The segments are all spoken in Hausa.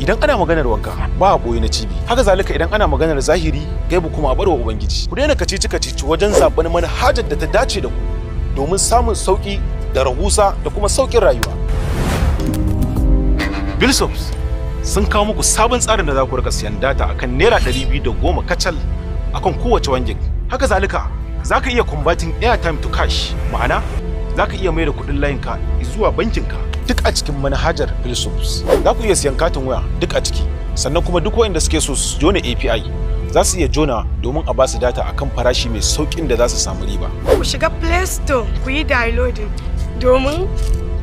idan ana maganar wanka ba a boye na cibi haka zalika idan ana maganar zahiri gaibu kuma a barwa ubangiji ku daina kacici kacici wajen zaben manhajar da ta dace da ku domin samun sauki da rahusa da kuma saukin rayuwa bilsops sun kawo muku sabon tsarin da za ku rika siyan data akan naira ɗari biyu da goma kacal akan kowace wangin haka zalika za ka iya converting airtime to cash ma'ana za ka iya mai da kuɗin layinka zuwa ka. duk a cikin manhajar Philosophes. Za ku iya siyan katin waya duk a ciki, sannan kuma duk waɗanda suke so su jona API za su iya jona domin a ba su data akan farashi mai sauƙin da za su samu riba. Ku shiga Play Store ku yi downloading domin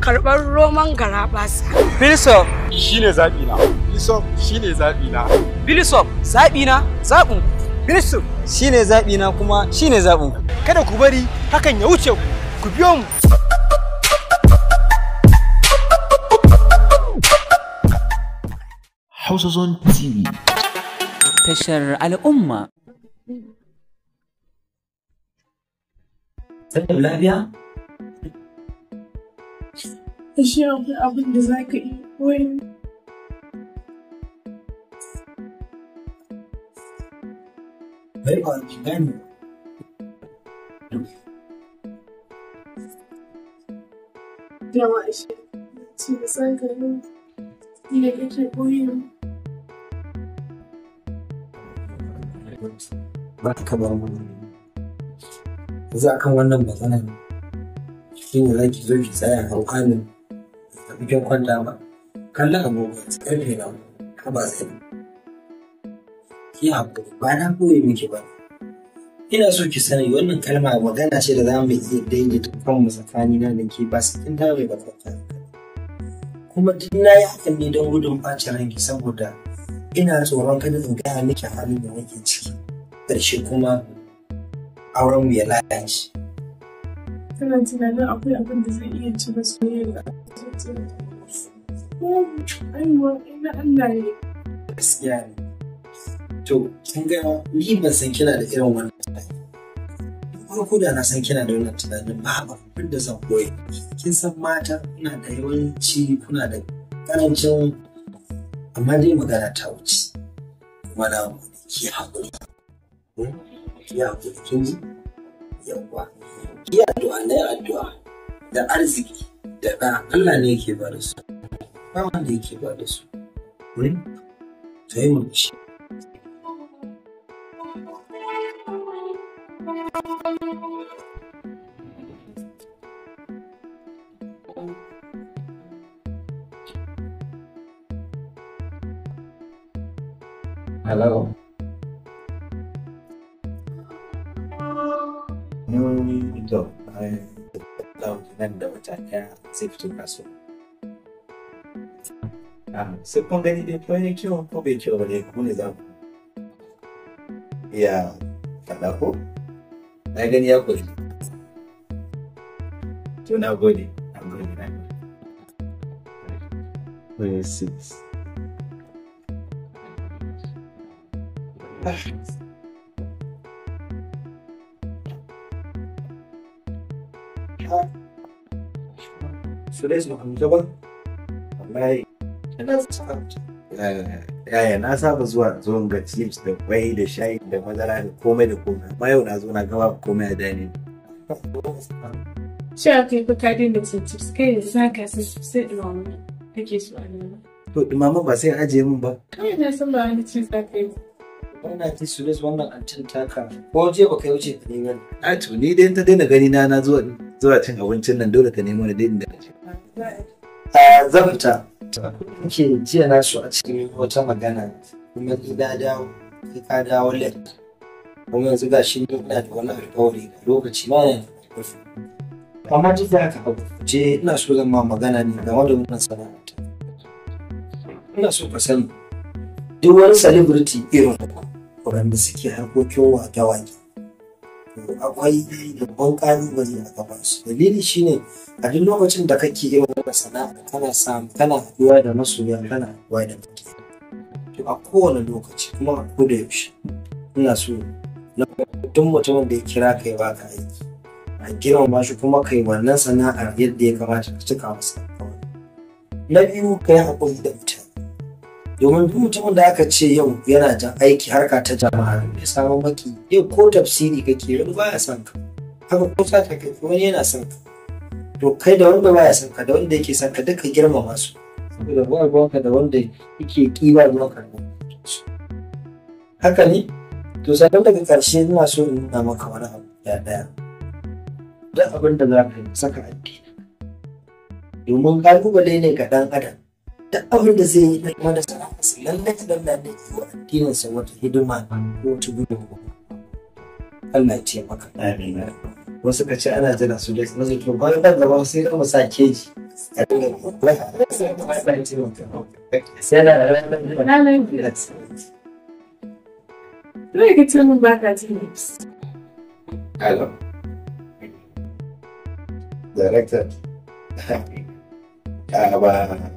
karɓar roman garaɓasa. Bilisop shine zaɓi na. Bilisop shine zaɓi na. Bilisop zaɓi na zaɓin. Bilisop shine zaɓi na kuma shine zaɓin. Kada ku bari hakan ya wuce ku. Ku biyo mu. Hausa Zone TV. Tashar al'umma. Sannan lafiya? Ashe akwai abin da za ka iya koyi. Bai ba ki gani. Yawa ashe, ce da sa ka yi, ni da kake koyi. ba ta kaba yanzu kan wannan matsalar shi ne zaki zo ki tsaya kan kanin a bikin kwanta ba kallon abubuwa ta karfe na ka ba zai ki haƙuri ba na koyi miki ba ina so ki sani wannan kalma magana ce da za mu iya daidaita kanmu tsakanina da ke ba su kin dawo ba kwanta kuma duk na yi hakan ne don gudun ɓacin ranki saboda ina tsoron kada in gaya miki halin da nake ciki ƙarshe kuma auren mu ya lalace. Kana tunanin akwai abin da zai iya ci soyayya da Aiwa, ina Allah ne. Gaskiya ne. To, kin ga ni ban san kina da irin wannan tunani. ko da na san kina da wannan tunanin ba abin da zan koyi. Kin san mata kuna da yawanci kuna da karancin amma dai magana ta wuce. Kuma na ki haƙuri. ki haƙuri kin ji yawwa ki addu'a na addu'a da arziki da ɗa Allah ne yake ba da su ba wanda yake ba da su ta yi murmushi Hello. to nan da wata ɗaya zai fito kasuwa ah, sai kun gani dai ko ya kyau ko bai kyau ne ku ne za ku iya faɗa ko na gani ya koyi to na gode na gode na today's not amicable wallahi ina eh, eh, eh. yaya na saba zuwa zuwan ga chips da kwai da shayi da madara da komai da komai amma yau na zo na gaba komai a dani shi a kai baka din da chips kai da san ka san sai dumama kake so a nan to dumama ba sai ajiye min ba kai na san ba wani chips da kai wannan ti su wannan antin taka ko je ba kai wuce ta neman a to ni dai ta daina gani na na zuwa cin abincin nan dole ta nemo da dai inda ka ce zan fita ke jiya na su a cikin wata magana kuma ni na dawo kai ka dawo late kuma yanzu ga shi ina da wani alkawari lokaci na ne amma duk da haka je ina so zan ma magana ne game da wannan sana'a ina so ka sani duk wani celebrity irin ku wanda suke harkokin wake-wake akwai babban ƙalubale a gaban su dalili shine a duk lokacin da kake irin wannan sana'a kana samu kana haɗuwa da masoya kana haɗuwa da maki to a kowane lokaci kuma a da yaushe ina so na duk mutumin da ya kira kai ba ka aiki a girmama shi kuma kai wannan sana'ar yadda ya kamata ka cika masa na biyu ka yi haƙuri da mutum domin duk mutumin da aka ce yau yana jan aiki harka ta jama'a ya samu maki yau ko tafsiri kake wani baya son ka haka ko sata kake wani yana son ka to kai da wanda baya son ka da wanda yake son ka duka girmama su saboda ba ruwanka da wanda yake kiwa maka haka ne to sannan daga ƙarshe ina so in nuna maka wani abu ya daya duk abin da za ka yi saka addini domin kalubale ne ga ɗan adam Da abin da zai yi da wanda da sana'arsa lallai ta lallai da yi wa addininsa wata hidima ko wata gudunmawa Allah ya ce maka amin wasu ka ce ana jira su dai masu to ba da gaba sai ka musa keji na ce Director. Ah,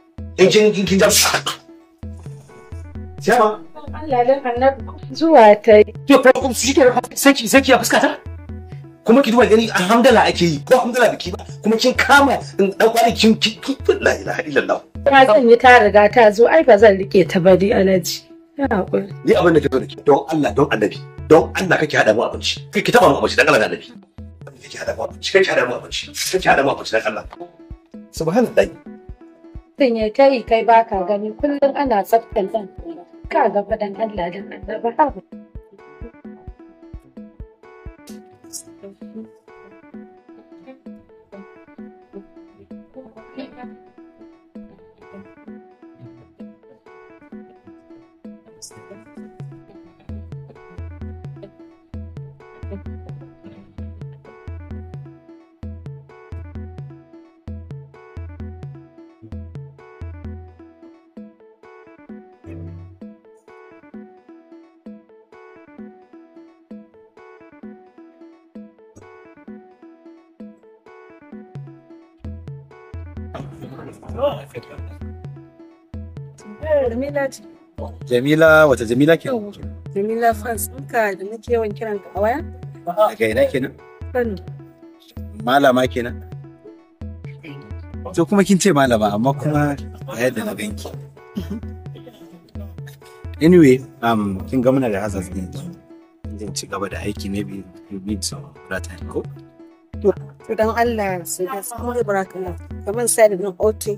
in kin kin kin jabsa Siyama. Allah dan annabi zuwa ta yi. To fa kun shi ke saki saki a fuskata? Kuma ki duba gani alhamdulillah ake yi ko alhamdulillah biki ba kuma kin kama in dan kwani kin kin la ilaha illallah. Kuma zan yi ta riga ta zo ai ba zan rike ta ba dai alaji. Ni abin da ke zo da ke don Allah don annabi don Allah kake hada mu abinci kai ki taba mu abinci dan Allah da annabi. Kake hada mu abinci kake hada mu abinci kake hada mu abinci dan Allah. Subhanallah. Tun ya kai kai ba ka gani kullum ana tsaftan ɗan. Ka ga faɗan Allah don Allah ba Jamila ce. Jamila wata Jamila ke? Jamila France ɗinka da nake yawan kiran ka a waya? Daga ina kenan? Kano. Malama kenan? To kuma kin ce malama amma kuma a yadda na ganki. Anyway, um, kin ga muna da hazard ɗin zan ci gaba da aiki ne bi bi so rata ko? To dan Allah sai da samu baraka Allah. Kama sasa ninaoti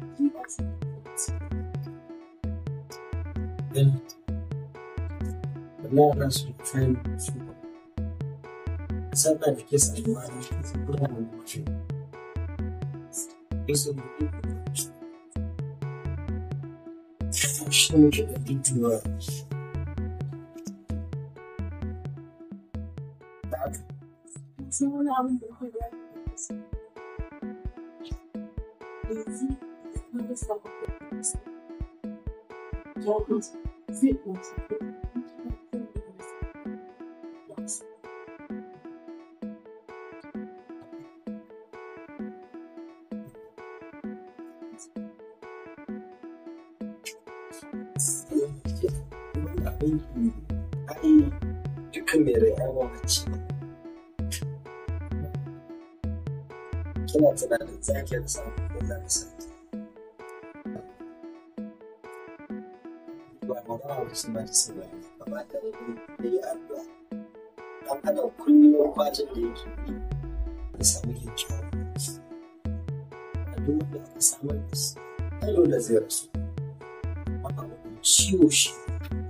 do actually Then the more of us train Sometimes the kids are lying because they don't want to watch it. the people that I'm sure we can do to uh, Someone having a good breakfast. Easy. fuskar ku ya kunce zai kunce dukkan mai rai kina tunanin samun addu'a ba kuma wani suna da sirri kamata da yi addu'a don adam kullum fatan da yake da samu kyakkyawan a duk wanda aka samar da su ɗan da zai rasu amma ciwo shi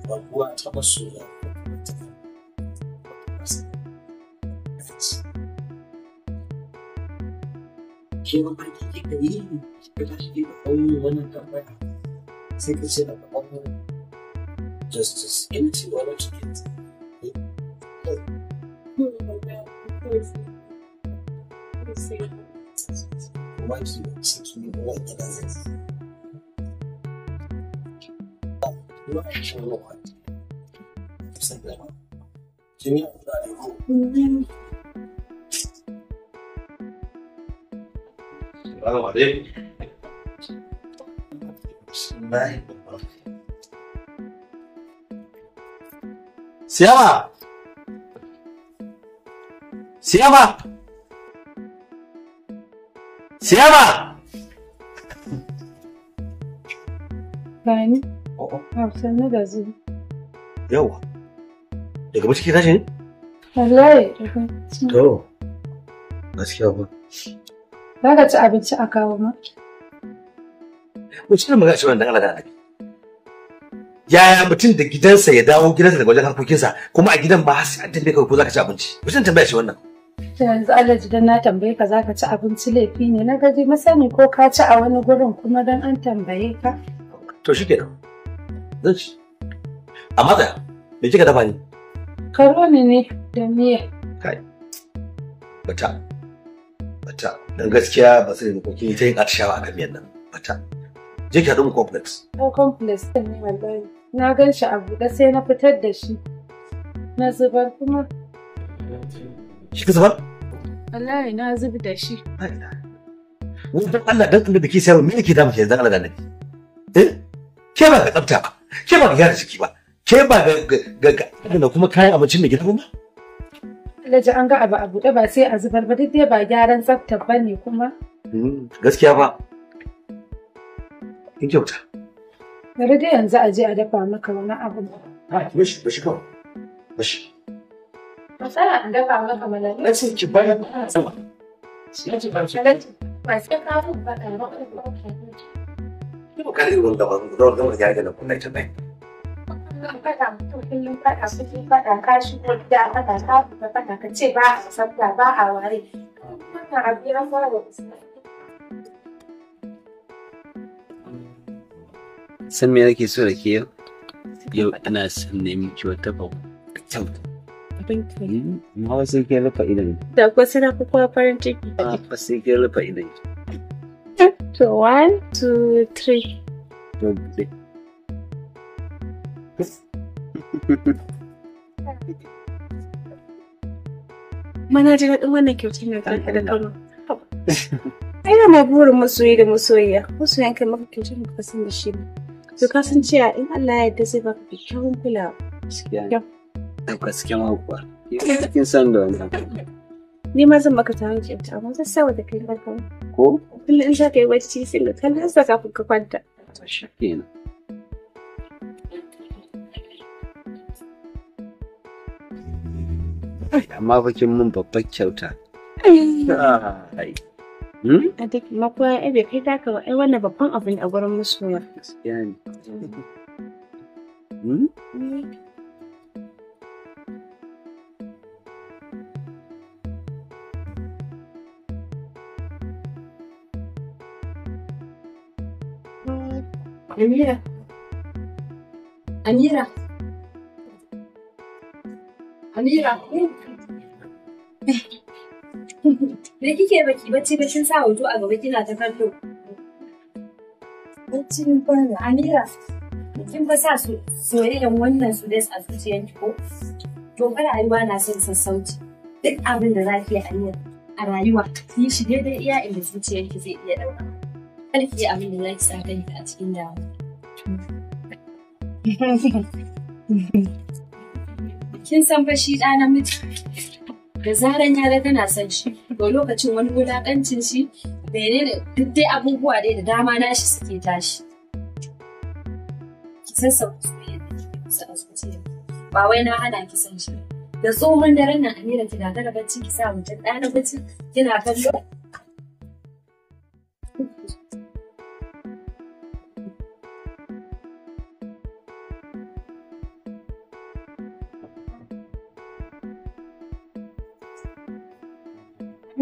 raguwa ta basu da masoya ta ke mafarki kika yi kika tashi da ɗauyi wannan tambaya sai ka ce daga ɓangaren justice into our kids. Waki ciki wanda da zai Kuma a cikin lokaci, sallama. Jini a kudade ko? Assalamualaikum. Bismillahirrahmanirrahim. Siapa? Siapa? Siapa? Oh, oh. ah, Gani? Se Hafsan da gazi. Ya Daga bacci ke tashi ne? Wallahi. To. Gaskiya ba. Za ka ci abinci a kawo ma? Wace ne magana ci wannan dan Allah da yaya mutum da gidansa ya dawo gidansa daga wajen harkokinsa kuma a gidan ba sai an tambaye ka ko zaka ci abinci mutum tambaya ce wannan yanzu alhaji dan na tambaye ka zaka ci abinci laifi ne na gaji masani ko ka ci a wani gurin kuma dan an tambaye ka to shikenan zan ci amma da me kika dafa ni karoni ne da miya kai bata bata dan gaskiya ba sai ko kin ta yin atishawa a kan miyan nan bata je ki haɗu mu complex. Ko complex ne wallahi. na gan shi a buɗe sai na fitar da shi na zubar kuma shi ka zubar wallahi na zub da shi wajen Allah dan da ke sayarwa me yake damu ke dan Allah da annabi eh ke ba ka tsafta ba ke ba ka gyara ciki ba ke ba ga ga ga kuma kayan abincin da gida ba Alhaji an ga abu a buɗe ba sai a zubar ba duk dai ba gyaran tsafta ba ne kuma hmm, gaskiya ba in kyauta Bari dai yanzu a je a dafa maka wani abu. Ha, ki bashi, bashi kawai. Bashi. Matsala an dafa maka malami. Na ce ki bayar sama. Sai ki bayar. ba sai ka fi ba ka ba. Ki ba kare ruwan gaba, ruwan ya ga na kunna ta bai. faɗa mutum kullum faɗa suke faɗa ka shigo faɗa ka faɗa ka ce ba a sabta ba a ware. Wannan abu ya fara da san me nake so da ke yau yau ina son nemi ki wata ba kyau ma mm, wasu ke rufa idan da kuwa suna kuka farin ciki a fa sai ke rufa idan to one two three to three Mana ji daɗin wannan kyautar da ta da ɗauro. mai burin masoyi da masoyiya, masoyan kai maka kyautar da ka san da shi ba. To ka san cewa in Allah ya yarda zai baka kyakkyawan kula Gaskiya. Gaskiya ma kuwa. Kin san da wannan. Ni ma zan baka tarin kyauta amma zan sa wa da kai barka. Ko? Kullum in za ka yi bacci sai ka kallon sa ka fuka kwanta. To shi kenan. Amma bakin mun babbar kyauta. Ai. Hmm? A duk makuwa ai eh, bai kai taka ba ai wannan babban abu ne a gurin masoya. Gaskiya ne. Hmm? Amira. Amira. Amira. Me kike baki bacci ba kin sa hoto a gaba kina ta kallo? Bacci ni ba na Amira. Kin ba sa su soyayyen wannan su dai a ki ko? To fa rayuwa na son sassauci. Duk abin da zaki yi Amira a rayuwa yi shi daidai iya inda ki zai iya dauka. Kar ki abin da zaki sa kanki a cikin damuwa. Kin san fa shi ɗa namiji da zaran yara tana son shi to lokacin wani wulakancin shi menene duk dai abubuwa dai da dama na shi suke tashi ki san soyayya ke a ba wai na hana ki san shi da tsohon daren nan amira ki da bacci ki sa mutum ɗana bacci kina kallo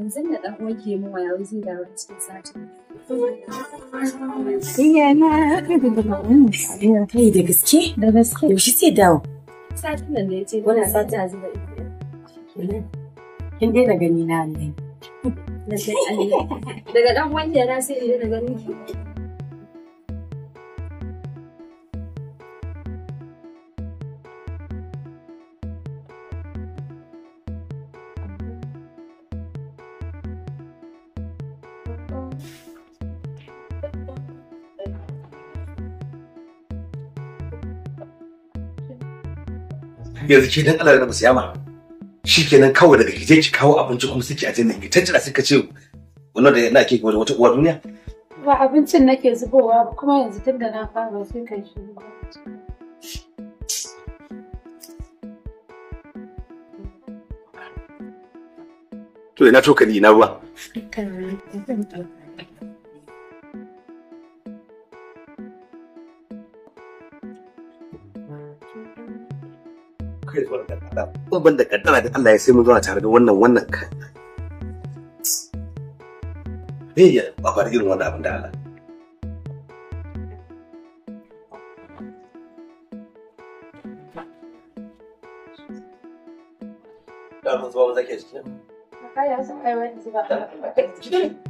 yanzu da ɗan uwan ke min waya zai dawo cikin sati. Iya na da daga wannan Kai da gaske? Da gaske. Yaushe dawo? Satin nan ce. Wannan a zuba ita. Kin gani na Daga na sai na gani yanzu ke dan Allah ba su yama shikenan kawai daga ki ki kawo abinci kuma suke a jinnan ki jira suka ce wannan da yana ke wata uwar duniya ba abincin nake zubowa kuma yanzu da na fara sai kai shi to ina to ni na ruwa kai zuwa da kaddara kuma da kaddara da Allah ya sai mun zauna tare da wannan wannan kan me ya ba fara irin wannan abin da Allah da zuwa zake cikin ka ya san ai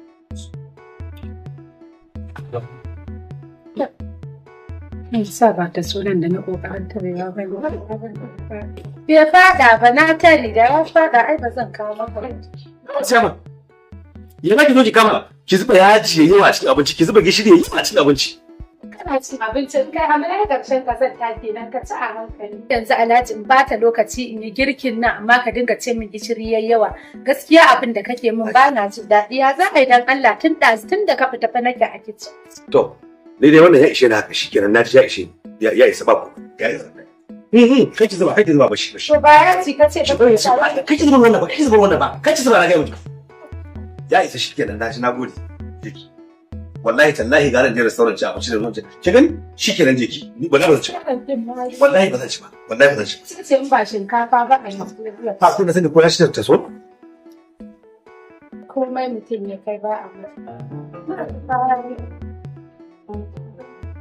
sa ba ta sunan da na kokarin tarewa ba ne. Bai fada ba na tare da ya fada ai ba zan kawo maka. Sama. Ya za ki zo ki kama ki zuba yaji yayi a cikin abinci ki zuba gishiri yayi a cikin abinci. Kana cin abincin kai amma na karshen ka zan ke nan ka ci a hankali. Yanzu Alhaji in bata lokaci in yi girkin nan amma ka dinga ce min gishiri yayi yawa. Gaskiya abin da kake min ba na jin daɗi ya za a yi dan Allah tun da tun da ka fita fa nake a kicin. To, ne dai wannan ya ishe na haka shikenan na ji ya ishe ya isa ba ku ya isa eh, eh, kai ki zuba kai ki zuba ba shi ba shi ba ya ci ka ce ka kai ki zuba wannan ba kai ki zuba wannan ba kai ki zuba na ga yau ya isa shikenan na ji na gode jiki wallahi tallahi ga ran je restaurant ci abinci da zuwa ci ki gani shikenan jiki ni ba za ci wallahi ba zan ci ba wallahi ba zan ci ba sai in ba shinkafa ba a ku na sani ko ya shi ta so komai mutum ya kai ba a ba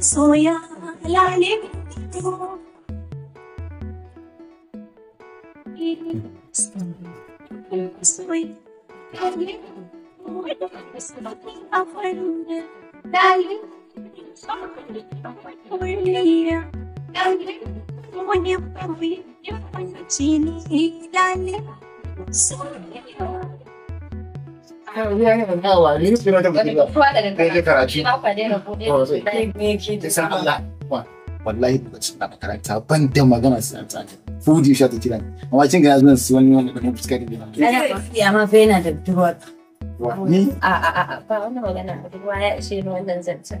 Soya lalim ito Soya lalim Ako lalim Soya lalim wani kawai ya kwanci ni lalai magana a a ya ishe wannan zancen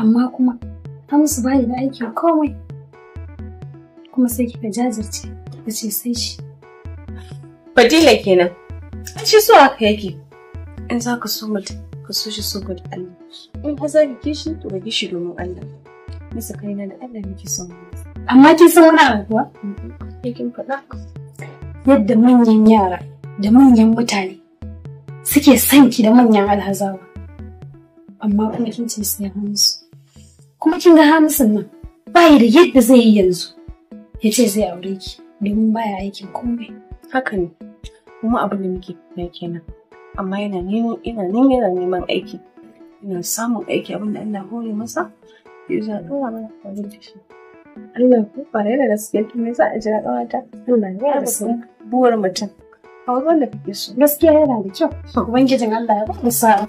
amma kuma musu ba da aikin komai kuma sai kika jajirce kika ce sai shi. Fadila kenan. An ce so aka yake. In za ka so mutum ka so shi saboda Allah. In ka za ka kishi to ka kishi domin Allah. Masa kaina da Allah ke son Amma kin san wani abu kuwa? Mm-hmm. Yakin faɗa. Yadda manyan yara da manyan mutane suke son ki da manyan alhazawa. Amma kuma kin ce sai Hamisu. kuma kin ga Hamisun nan bayi da yadda zai yi yanzu ya ce zai aure ki domin baya aikin komai haka ne kuma abu da muke na kenan amma yana neman ina nan yana neman aiki ina samun aiki abinda Allah hore masa ya za a dora mana abin da shi Allah ku ba da gaskiya tun me za a jira kawata Allah ya rasu buwar mutum a wurin da kake so gaskiya yana da kyau ubangijin Allah ya ba mu sa'a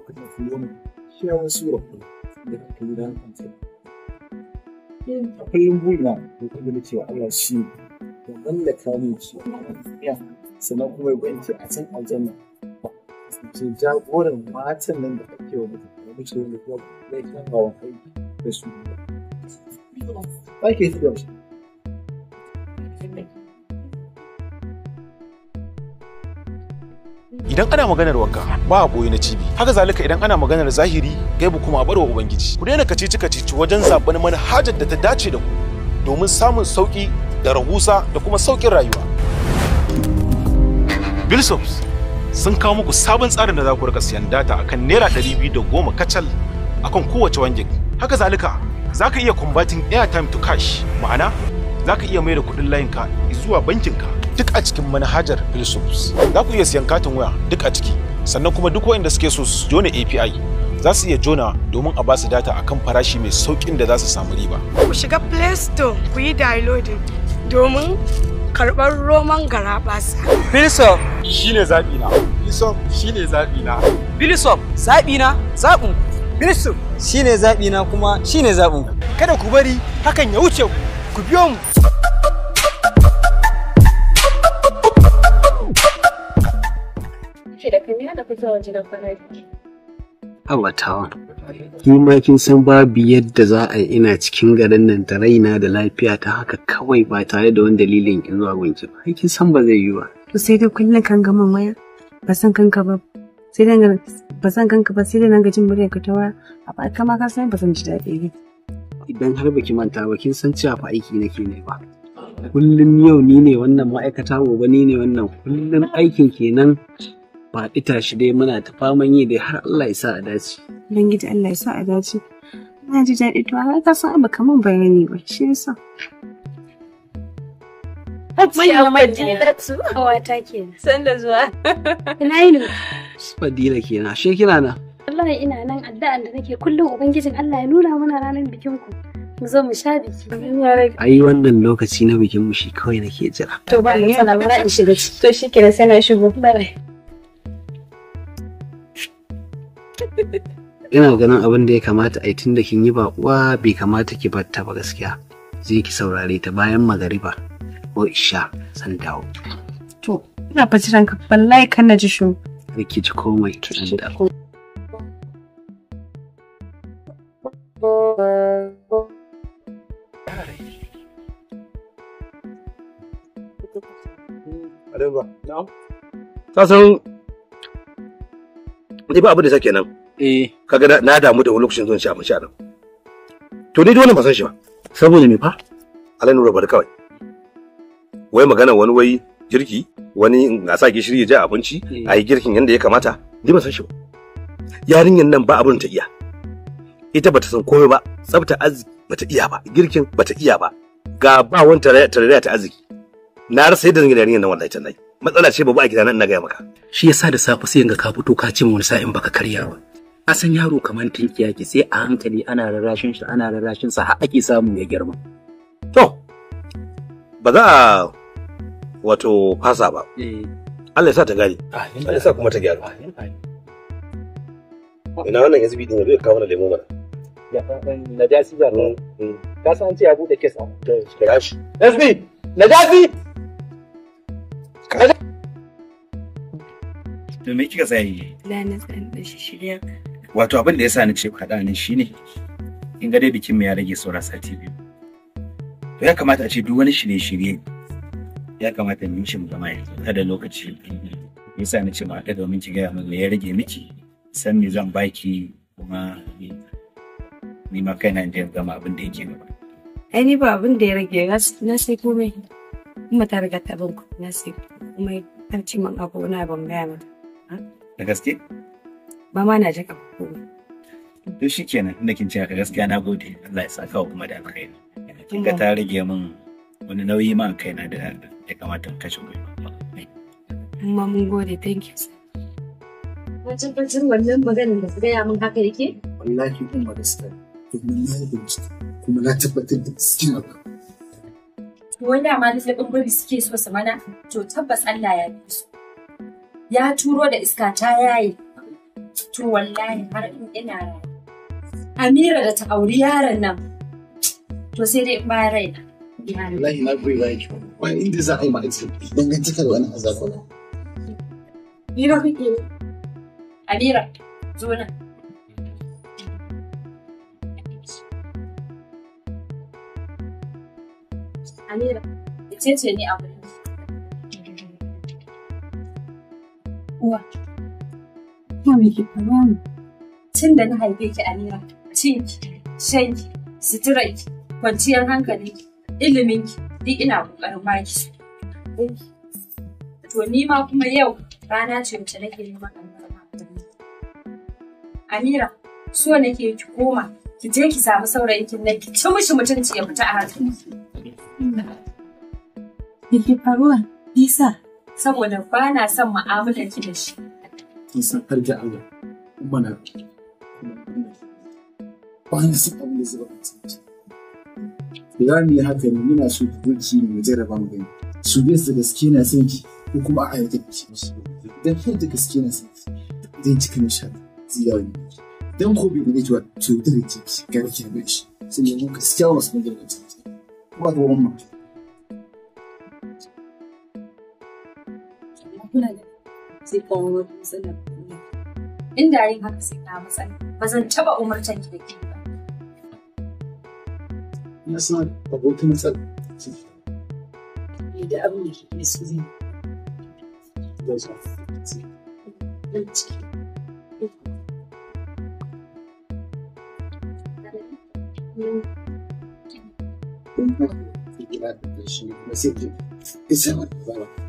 tafi wani shi ya wasu wa da ka kai ran kansa a kullum burina ko kuma da cewa Allah shi ne, ya mallaka mu shi ya sannan kuma ya gwanci a can aljanna ce jagoran matan nan da kake wa mutum da mutum da kuma bai kan hawa kai da su ba ke tafiya shi idan ana maganar wanka ba a boye na cibi haka zalika idan ana maganar zahiri gaibu kuma a barwa ubangiji ku daina kacici kacici wajen zaɓen manhajar da ta dace da ku domin samun sauki da rahusa da kuma saukin rayuwa bilsops sun kawo muku sabon tsarin da za ku rika siyan data akan naira ɗari biyu da goma kacal akan kowace wangin haka zalika za ka iya kumbatin airtime to cash ma'ana za ka iya mai da kuɗin layinka zuwa bankinka duk a cikin manhajar Philosophes. Za ku iya siyan katin waya duk a ciki, sannan kuma duk waɗanda suke so su jona API za su iya jona domin a ba su data akan farashi mai sauƙin da za su samu riba. Ku shiga Play Store ku yi downloading domin karɓar roman garaɓasa. Philosoph shine zaɓi na. Philosoph shine zaɓi na. Philosoph zaɓi na zaɓin. Philosoph shine zaɓi na kuma shine zaɓin. Kada ku bari hakan ya wuce Ku biyo mu. fita waje da ni ma kin san babu yadda za a yi ina cikin garin nan da raina da lafiya ta haka kawai ba tare da wani dalilin ki zuwa gunki ba. kin san ba zai yi ba. To sai dai kullum kan gama waya, ba san kanka ba. Sai dai ba san kanka ba sai dai nan gajin muryar ka ta waya. A ba kama ka san ba san ji daɗi ba. Idan har baki manta ba kin san cewa fa aiki nake ne ba. Kullum yau ni ne wannan ma'aikata gobe ni ne wannan kullum aikin kenan faɗi tashi dai muna ta faman yi dai har Allah ya sa a dace. Ubangiji Allah ya sa a dace. Na ji daɗi to har ka san abu kaman bayani ba shi ya yasa. Manyan Madinatu. Wata ke. San da zuwa. Ina yi ne. Fadila ke na she kina na. Wallahi ina nan addu'an da nake kullum Ubangijin Allah ya nuna mana ranar bikin ku. mu zo mu sha biki. Ai wannan lokaci na bikin mu shi kawai nake jira. To ba mu sanar in shiga ciki. To shi kenan sai na shigo. Bye bye. ina ganin abin da ya kamata a yi tun da kin yi ba baƙuwa bai kamata ki batta ba gaskiya zai ki saurare ta bayan magariba ko isha san dawo to ina fa jiran ka kan na ji shu ki ji komai ki da Sasan, ba abu da sake nan. eh kaga na damu da wani lokacin zuwan ci sha nan to ni dole ba san shi ba saboda me fa alan nura bar kawai wai magana wani wai girki wani a sa gishiri ya ji abinci eh. a yi girkin yadda ya kamata ni ban san shi ba yarinyar nan ba abin ta iya ita bata san komai ba tsabta arziki bata iya ba girkin bata iya ba ga ba wani tarayya ta arziki na rasa yadda zan yi yarinyar nan wallahi tallahi matsala ce babu a nan ina gaya maka shi yasa da safe sai ga ka fito ka ce wani sa'in baka karya ba a san yaro kamar tinkiya ke sai a hankali ana rarrashin shi ana rarrashin sa har ake samu ya girma to ba za a wato fasa ba eh. Allah ya sa ta gane Allah ya sa kuma ta gyaru ina wannan SB din zai kawo mana lemo mana na jasi ba mm, mm. ka san ce ya bude kes a kira shi SB na jasi to me kika tsaye? na tsan da shi shirya wato abin da ya sa ni ce kaɗa shi shine in ga dai bikin mu ya rage saura sati biyu to ya kamata a ce duk wani shirye-shirye ya kamata mu shi mu gama yanzu kada lokaci ya sa ni ce ma da domin ki gaya ya rage miki san me zan baki kuma ni ma na inda gama abin da yake gaba ai ni ba abin da ya rage na sai komai kuma ta riga ta bin na sai komai an ci man abu na ban gaya ma da gaske ba ma na ji ka ko To shi kenan inda kin ce gaskiya na gode Allah ya saka wa kuma da alkhairi. Kin ga ta rage min wani nauyi ma kai kaina da ya kamata in kashe gwiwa. Amma mun gode thank you. Ka tabbatar wannan maganar da suka gaya min haka yake? Wallahi kuma gaskiya. Domin na yi kuma na tabbatar da cikin abu. wanda ma lallabin ɓangare suke so su mana to tabbas Allah ya bi su ya turo da iska ta yaye to wallahi har in ina Amira da ta auri yaron nan to sai dai ba rai na wallahi na goyi bayan ki ba inda za a yi ma'aikata da wani azaba ba ni ba kake Amira zo nan Amira, ita ce ne a Uwa. me ki Tun da na haife ki Amira, cin ki, shan kwanciyar hankali iliminki, duk ina kokarin ba ki To ni ma kuma yau rana ce wacce nake neman albarka. Amira, so nake ki koma ki je ki samu kin na ki ci mishi mutunci ya fita a hankali. ki faruwa, Isa. Saboda ba na son mu'amalar ki da shi. kin san har ga Allah kuma na bayan abin da zuba a za mu yi haka ne muna so ku ne mu jarraba mu gani su bai da gaske na son ki ko kuma a yarda ki musu dan har da gaske na son ki zai cika na zai yawo ne dan ko bai da cewa cutar ki ga ki mai shi sai mu gaskiya wasu mun gani kuma ga wannan sai ƙwaƙwalwar da kuma in da yin haka sai na matsala ba zan taɓa umartan ki da ke ba. Na san abokin matsala. Ne da abu da ke da su zai. Ina son Zai ciki. Thank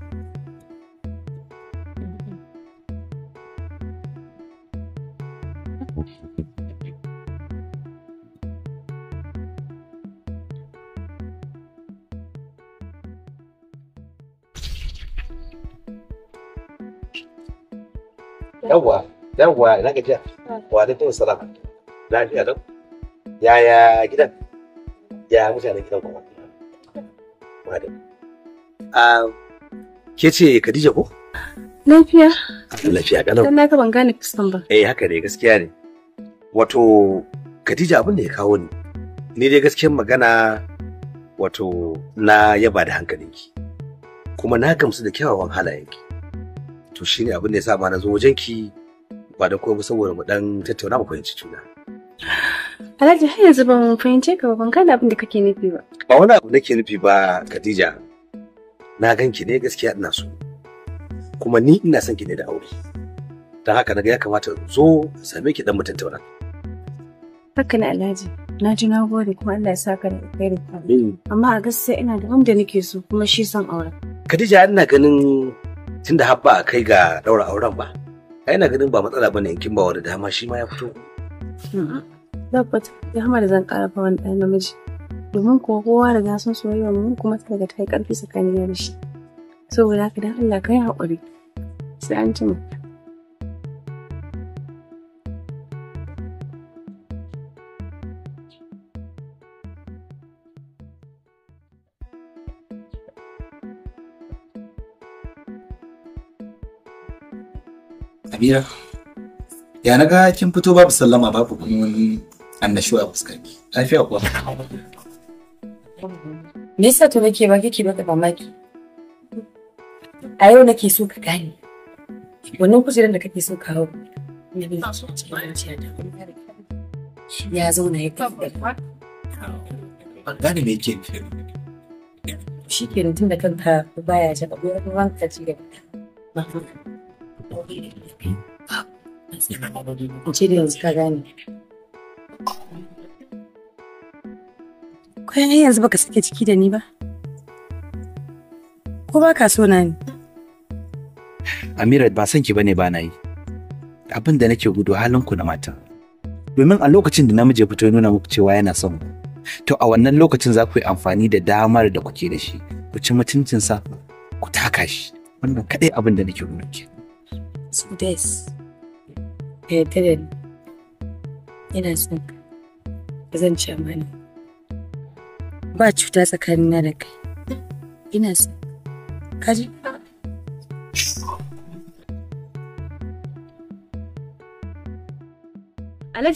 yawwa ina gajiya wa alaikum salam lafiya don yaya gidan ya mutanen gidan kuma ah, ke ce Khadija ko? Lafiya. Lafiya kalau. Dan naka ban gane fuskan ba. Eh haka ne gaskiya ne. Wato Khadija abin da ya kawo ni. Ni dai gaskiyar magana wato na yaba da hankalinki. Kuma na gamsu da kyawawan halayenki. To shine abin da ya sa ma na zo wajenki ba da komai saboda mu dan tattauna mu fahimci juna. Alhaji har yanzu ban fahimce ka ba ban gane abin da kake nufi ba. Ba wani abu nake nufi ba Khadija. Na ganki ne gaskiya ina so. Kuma ni ina son ki ne da aure. Don haka naga ya kamata zo same ki dan mu tattauna. Haka ne Alhaji. Na ji na gode kuma Allah ya sa ka da alkhairi. Amma a gaskiya ina da wanda nake so kuma shi son aure. Khadija ina ganin tunda habba kai ga daura auren ba. ai na ganin ba matsala bane in kin ba dama shi ma ya fito tabbata hama da zan ƙara wani ɗan namiji domin kuwa kowa riga sun soyayya mu kuma ta daga ta yi ƙarfi tsakanin da shi saboda haka dan Allah yi haƙuri sai an ci mu. Habira. Ya na ga kin fito babu sallama babu kuma wani annashuwa a fuskarki. Lafiya kuwa. Me yasa to nake ba kike ba baka mamaki? A yau nake so ka gani Wannan kujerar da kake so ka hau. Ya zauna ya tafi da Ban gane me yake nufi. Shi ke tun da kanka baya jaba, ruwan ka ci gaba ba. Cire yanzu ka gane. yanzu baka sake ciki da ni ba? Ko ba ka so na ni? Amira ba san ki bane ba na yi. Abin da nake gudu halinku na matan, Domin a lokacin da namiji ya fito ya nuna muku cewa yana son To a wannan lokacin za ku yi amfani da damar da kuke da shi. Ku ci mutuncinsa, ku taka shi. Wannan kaɗai abin da nake gudu kenan. そうです。えー、テレン、ina son ba zan ci amana. Ba cuta tsakanina da kai, ina son kaji.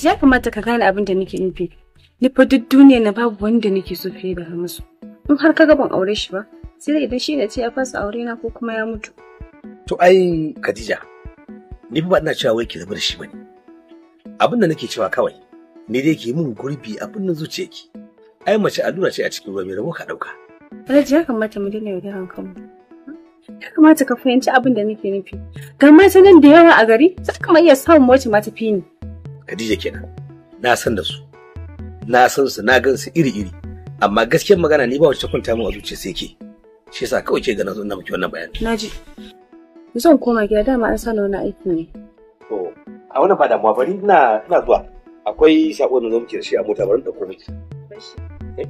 ya kamata ka gane abin da nake nufi. Ni fa duk duniya na babu wanda nake so fiye da Hamisu. In har ka ga ban aure shi ba, sai idan shi ne ce ya fasa aure na ko kuma ya mutu. To ai Khadija, ni fa ba ina cewa wai ki zama da shi bane abin da nake cewa kawai ni dai ke mun gurbi abin nan zuciyarki ai mace allura ce a cikin ruwa mai rabo ka dauka Alhaji ya kamata mu daina yaudaran kanmu ya kamata ka fahimci abin da nake nufi ga mata nan da yawa a gari za ka iya samun wacce ma tafi ni Khadija kenan na san da su na san su na gan su iri iri amma gaskiyar magana ni ba wacce kwanta mu a zuciya sai ke shi yasa kawai ke ganin na miki wannan bayani naji zan koma gida dama an sani wani aiki ne. To, a wani ba damuwa bari ina ina zuwa. Akwai sabon da zo muke da shi a mota bari da kuma eh?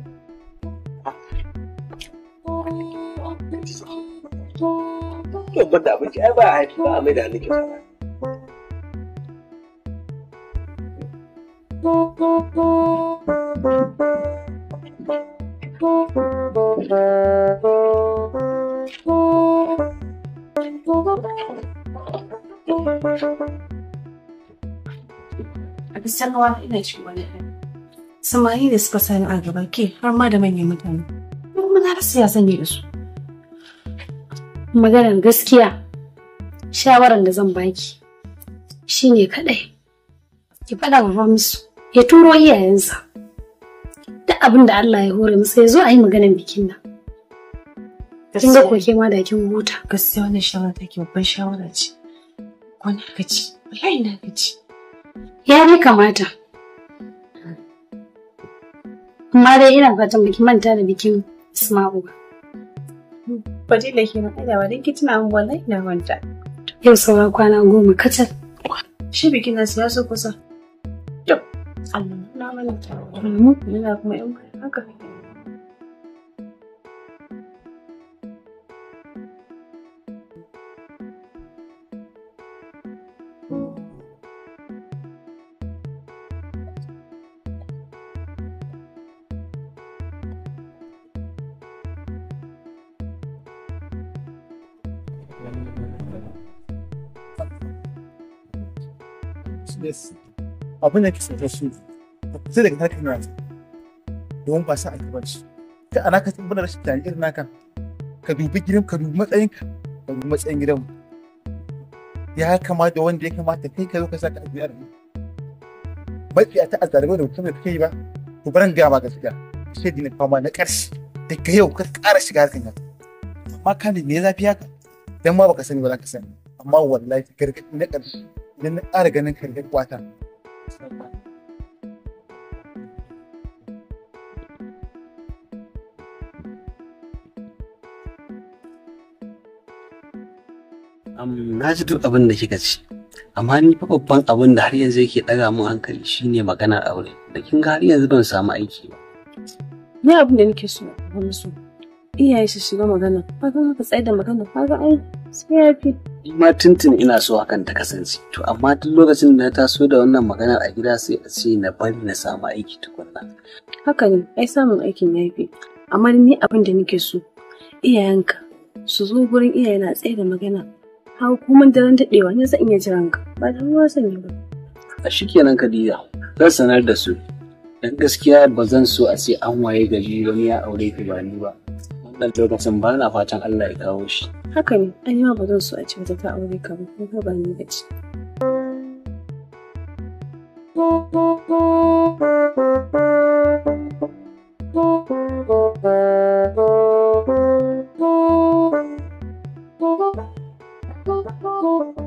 To, ban da abinci ai ba a haifi ba a mai da hannun Thank you. abisan gaskiyar ina cikin wani Samari da suka sani a gaba ke har ma da manyan mutane. Kuma na rasa ya sanye da su. Maganar gaskiya shawaran da zan baki shi ne kaɗai. Ki faɗa wa musu ya turo iyayensa. Duk abin da Allah ya hore musu ya zo a yi maganar bikin nan. kin ga koke ma da kin huta gaskiya wannan shawara take babban shawara ce ko na gaji wallahi na gaji ya ne kamata amma dai ina fatan biki manta da bikin Isma'u ba Fadila ke na ɗaya ba don ki tuna min wallahi na manta yau saura kwana goma kacal shi bikin nasu ya so kusa Allah na mana. Ina kuma yan haka. abin da ke sauke su sai daga harkar yana domin ba sa aiki bace ta ana ka tabbata rashin tunani irin naka ka dubi gidan ka dubi matsayin ka ka dubi matsayin gidan ya kamata wanda ya kamata kai ka zo ka saka Bai mu mafi ta azalima da mutum da kake yi ba to baran gaya ma gaskiya sai dinin fama na Da daga yau ka ƙara shiga harkan nan amma ka ne me zafi haka dan ma baka sani ba za ka sani amma wallahi gargadi na karshe. idan na ƙara ganin kargar kwata na ji duk abin da kika ci, amma ni fa babban abin da har yanzu yake ɗaga mun hankali shine maganar aure da kin ga har yanzu ban samu aiki ba ni abin da nake so ban musu iyaye su shiga magana ba ga ka tsaya da magana ba ga ai sai ya fi ma tuntun ina so hakan ta kasance to amma tun lokacin da na taso da wannan magana a gida sai a ce na bari na samu aiki tukunna haka ne ai samun aikin ya fi. amma ni abin da nake so iyayenka su zo gurin iyaye na tsaye da magana Ha kuma daren daɗewa ne zan iya jiran ka ba da ruwa zan ba a shikenan Khadija zan sanar da su dan gaskiya ba zan so a ce an waye gari wani ya aure ka ba ni ba dan lokacin ba na fatan Allah ya kawo shi. Haka ne, an yi ma ba zan so a ci wata ta aure ka ba, ko ba ni gaci. Thank you.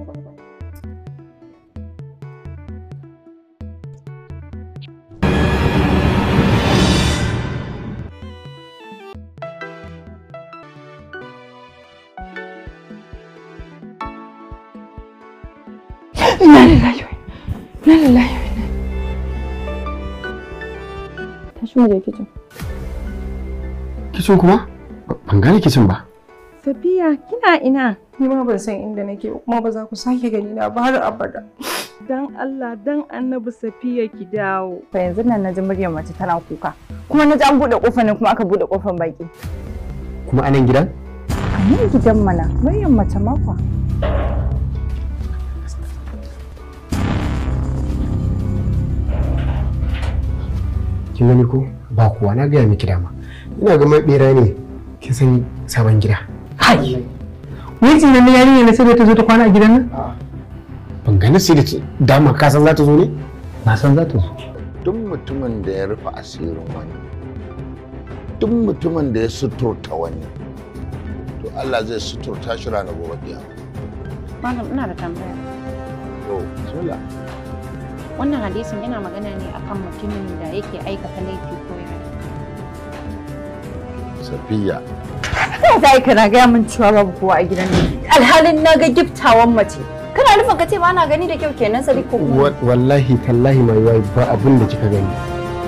mu je kicin. Kicin kuma? Ban gane kicin ba. Safiya kina ina? Ni ma ban san inda nake kuma ba za ku sake gani na ba har abada. Dan Allah dan Annabi Safiya ki dawo. Fa yanzu nan na ji muryar mace tana kuka. Kuma na ji an buɗe kofar nan kuma aka buɗe kofar baki. Kuma anan gidan? A nan gidan mana muryar mace makwa. kin gani ko ba kuwa na gaya miki dama ina ga mai bera ne kin san sabon gida hai wai jin nan yarinya ne sai ta zo ta kwana a gidan nan ban gani sai da dama ka san za ta zo ne na san za ta zo duk mutumin da ya rufe asirin wani duk mutumin da ya suturta wani to Allah zai suturta shi ranar gobe ya malam ina da tambaya to sola wannan hadisin yana magana ne akan mutumin da yake aikata laifi ko ya safiya ta za ka na gaya min cewa babu kowa a gidan nan alhalin na ga giftawan mace kana nufin ka ce ba na gani da kyau kenan sadi ko wallahi tallahi mai wai ba abin da kika gani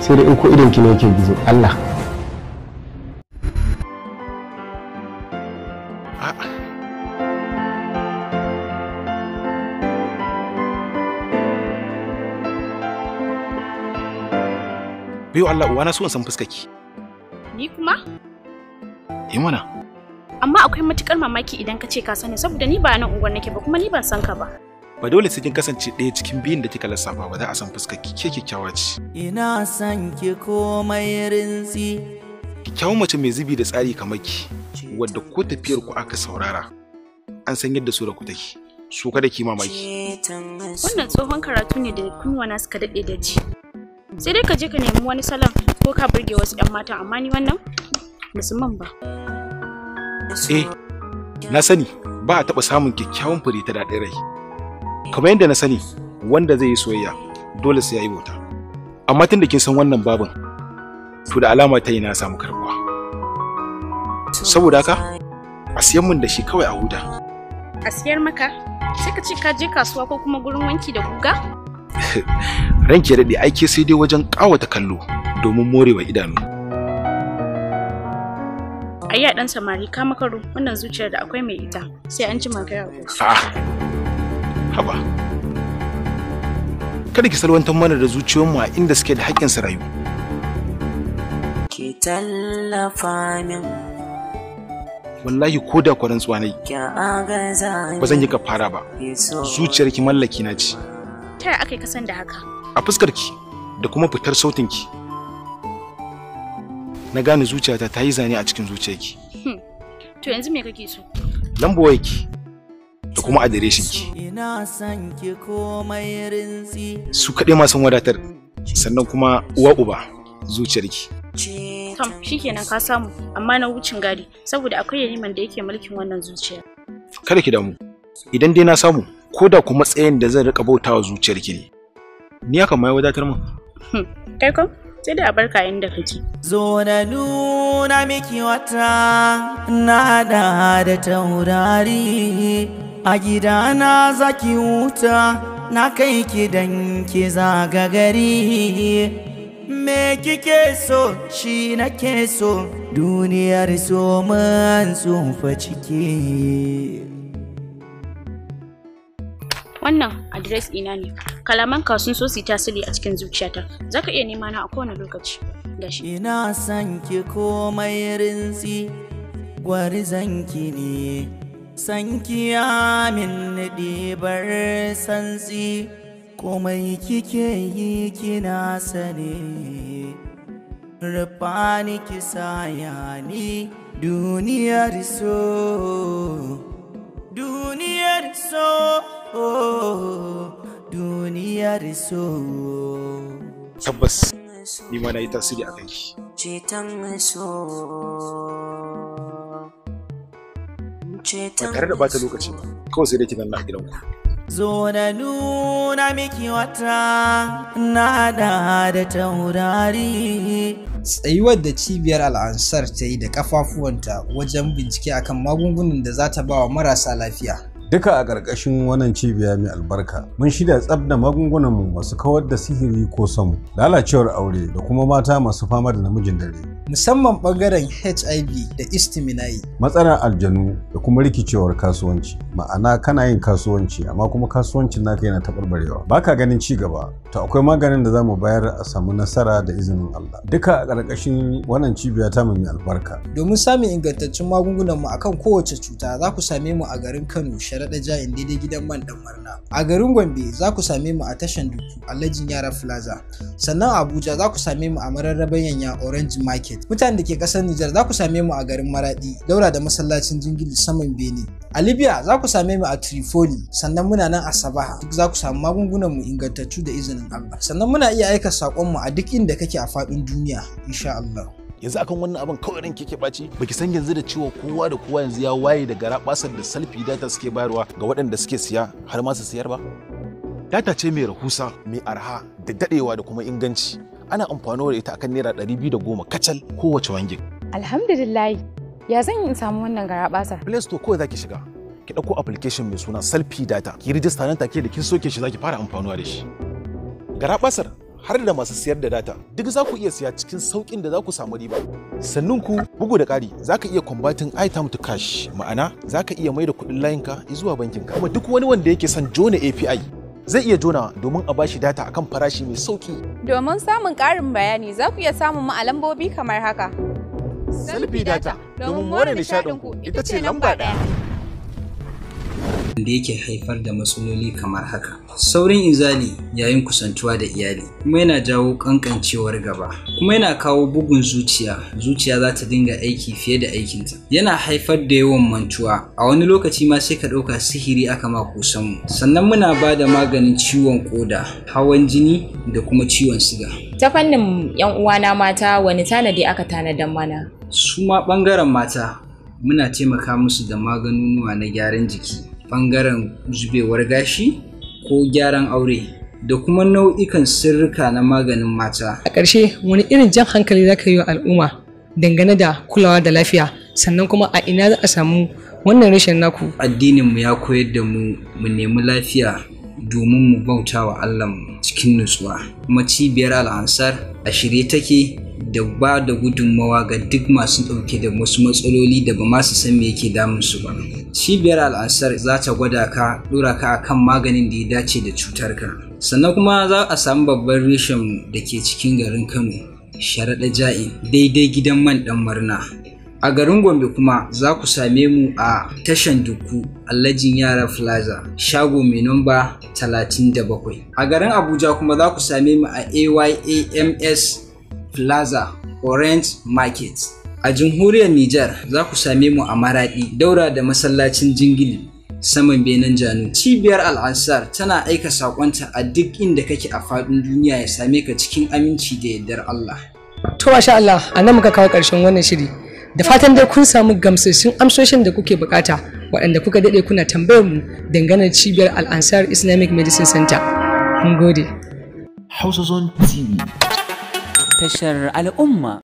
sai da in ko idan ki ne yake gizo Allah Yau Allah uwa na so san fuskaki. Ni kuma? Yi eh, mana. Amma akwai matukar mamaki idan ka ce ka sani saboda ni ba nan unguwar nake ba kuma ni ban san ka ba. Ba dole sai kin kasance ɗaya cikin biyun da kika lissafa ba za a san fuskaki ke kyakkyawa ce. Ina san ki komai rintsi. Kyakkyawan mace mai zubi da tsari kamar ki wadda ko tafiyar ku aka saurara an san yadda su da ku take. su kada ki mamaki. Wannan tsohon karatu ne da kunwana suka daɗe da ji. sai dai ka je ka nemi wani salon ko ka burge wasu 'yan mata amma ni wannan musamman ba eh na sani ba a taɓa samun kyakkyawan fure ta daɗin rai kamar yadda na sani wanda zai yi soyayya dole sai ya yi bauta amma tun da kin san wannan babin to da alama ta yi na samu karbuwa saboda haka a siyan mun da shi kawai a huda a siyar maka sai ka ce ka je kasuwa ko kuma gurin wanki da guga ranke daɗe aike sai dai wajen ƙawata kallo domin morewa idanu ayya dan samari ka makaro wannan zuciyar da akwai mai ita sai an ji magana a haba kada ki salwantar mana da zuciyarmu a inda suke da haƙƙin su rayu ki tallafa min wallahi ko da kwaran tsuwa ba zan yi ka fara ba zuciyar ki mallaki na ce tara aka yi kasan da haka a fuskar ki da kuma fitar sautin ki na gane zuciyata ta yi zane a cikin zuciyar ki. Hmm. to yanzu me kake so ki da kuma adireshinki ina san ki komai rinsi su kaɗai ma san wadatar sannan kuma uwa uba shi kam shikenan ka samu amma na wucin gadi saboda akwai yaniman da yake mulkin wannan zuciya kada ki damu idan dai na samu ko da kuma tsayin da zan rika bautawa zuciyar ki ne ni haka mai wadatar mun hmm, kai ko sai da barka inda kake zo na nuna miki wata na hada da taurari a gida gidana zaki wuta na kai ki dan ki zaga gari me kike so shi na ke so duniyar so man tsufa ciki wannan adres ina ne kalaman ka sun so su tasiri a cikin zuciyata zaka iya nema na a kowane lokaci gashi ina san ki komai rintsi gwari ki ne san ki ya min santsi komai kike yi kina sane rufani ki sayani duniyar so duniyar so duniyar so tabbas ni ma na yi tasiri a kanki ceton so ba tare da bata lokaci ba kawai sai dai kidan na gidanku zo na nuna miki wata na da da taurari tsayuwar da cibiyar al'ansar ta yi da kafafuwanta wajen bincike akan magungunan da za ta ba wa marasa lafiya Duka a ƙarƙashin wannan cibiya mai albarka, mun shirya tsabda da magungunanmu masu kawar da sihiri ko samu, lalacewar aure da kuma mata masu fama da namijin dare. musamman bangaren HIV da istiminai. Matsalar aljanu da kuma rikicewar kasuwanci ma'ana kana yin kasuwanci amma kuma kasuwancin naka yana taɓarɓarewa ba ka ganin ci gaba to akwai maganin da za mu bayar a samu nasara da izinin Allah duka a ƙarƙashin wannan cibiya ta mai albarka. Domin samun ingantaccen magungunan mu akan kowace cuta za ku same mu a garin Kano sharaɗa ja'in daidai gidan man dan marna a garin Gombe za ku same mu a tashan Duku Alhaji Yara Plaza sannan a Abuja za ku same mu a mararraban yanya Orange Market mutanen da ke kasar Nijar za ku same mu a garin Maraɗi, daura da masallacin Jingili saman Bene. A Libya za ku same mu a Tripoli, sannan muna nan a Sabaha, duk za ku samu magungunan mu ingantattu da izinin Allah. Sannan muna iya aika saƙon mu a duk inda kake a faɗin duniya, insha Allah. yanzu akan wannan abin kawai ranke ke baci baki san yanzu da cewa kowa da kowa yanzu ya waye da gara da salfi data suke bayarwa ga waɗanda suke siya har ma su siyar ba data ce mai rahusa mai arha da dadewa da kuma inganci ana amfano da ita akan naira ɗari biyu da goma kacal kowace wangin. Alhamdulillah ya zan yi in samu wannan basa. Play Store kawai za shiga ki ɗauko application mai suna selfie data ki rijista nan take da kin soke shi za ki fara amfanuwa da shi. Garaɓasar har da masu siyar da data duk za ku iya siya cikin sauƙin da za ku samu riba. Sannan ku bugu da ƙari za ka iya converting item to cash ma'ana za ka iya mai da kuɗin layinka zuwa bankinka kuma duk wani wanda yake son jona API zai iya jona domin a bashi data akan farashi mai sauki. Domin samun ƙarin bayani za ku iya samun mu a lambobi kamar haka. Selfie data domin more nishaɗinku ita ce lamba ɗaya. da yake haifar da matsaloli kamar haka saurin inzali yayin kusantuwa da iyali kuma yana jawo kankancewar gaba kuma yana kawo bugun zuciya zuciya za ta dinga aiki fiye da aikinta yana haifar da yawan mantuwa a wani lokaci ma sai ka ɗauka sihiri aka ma kusan mu sannan muna ba da maganin ciwon koda hawan jini da kuma ciwon siga ta fannin yan uwana mata wani tanadi aka tanadar mana su ma ɓangaren mata muna taimaka musu da maganunuwa na gyaran jiki Bangaren zubewar gashi ko gyaran aure da kuma nau'ikan sirrika na maganin mata. A ƙarshe wani irin jan hankali za ka yi wa al'umma dangane da kulawa da lafiya sannan kuma a ina za a samu wannan rashin naku. Addininmu ya koyar da mu mu nemi lafiya domin mu bauta wa Allahnmu cikin nutsuwa. Kuma cibiyar al'ansar a shirye take da ba da gudunmawa ga duk masu ɗauke da wasu matsaloli da ba masu san me yake su ba. Cibiyar al'ansar za ta gwada ka ɗora ka akan maganin da ya dace da cutar ka. Sannan kuma za a samu babban reshen da ke cikin garin Kano, sharaɗa ja'in daidai gidan man ɗan murna. a garin gombe kuma za ku same mu a tashan duku allajin yara plaza shago mai namba 37 a garin abuja kuma za ku same mu a ayams plaza orange market a jamhuriyar Nijar, za ku same mu a maradi daura da masallacin jingili saman benin janu cibiyar al'ansar tana aika sakonta a duk inda kake a faɗin duniya ya same ka cikin aminci da yardar allah to masha allah a nan muka kawo ƙarshen wannan shiri da fatan dai kun samu gamsassun amsoshin da kuke bukata waɗanda kuka daɗe kuna tambayar mu dangane cibiyar al'ansar islamic medicine center mun gode hausa zone tv tashar al'umma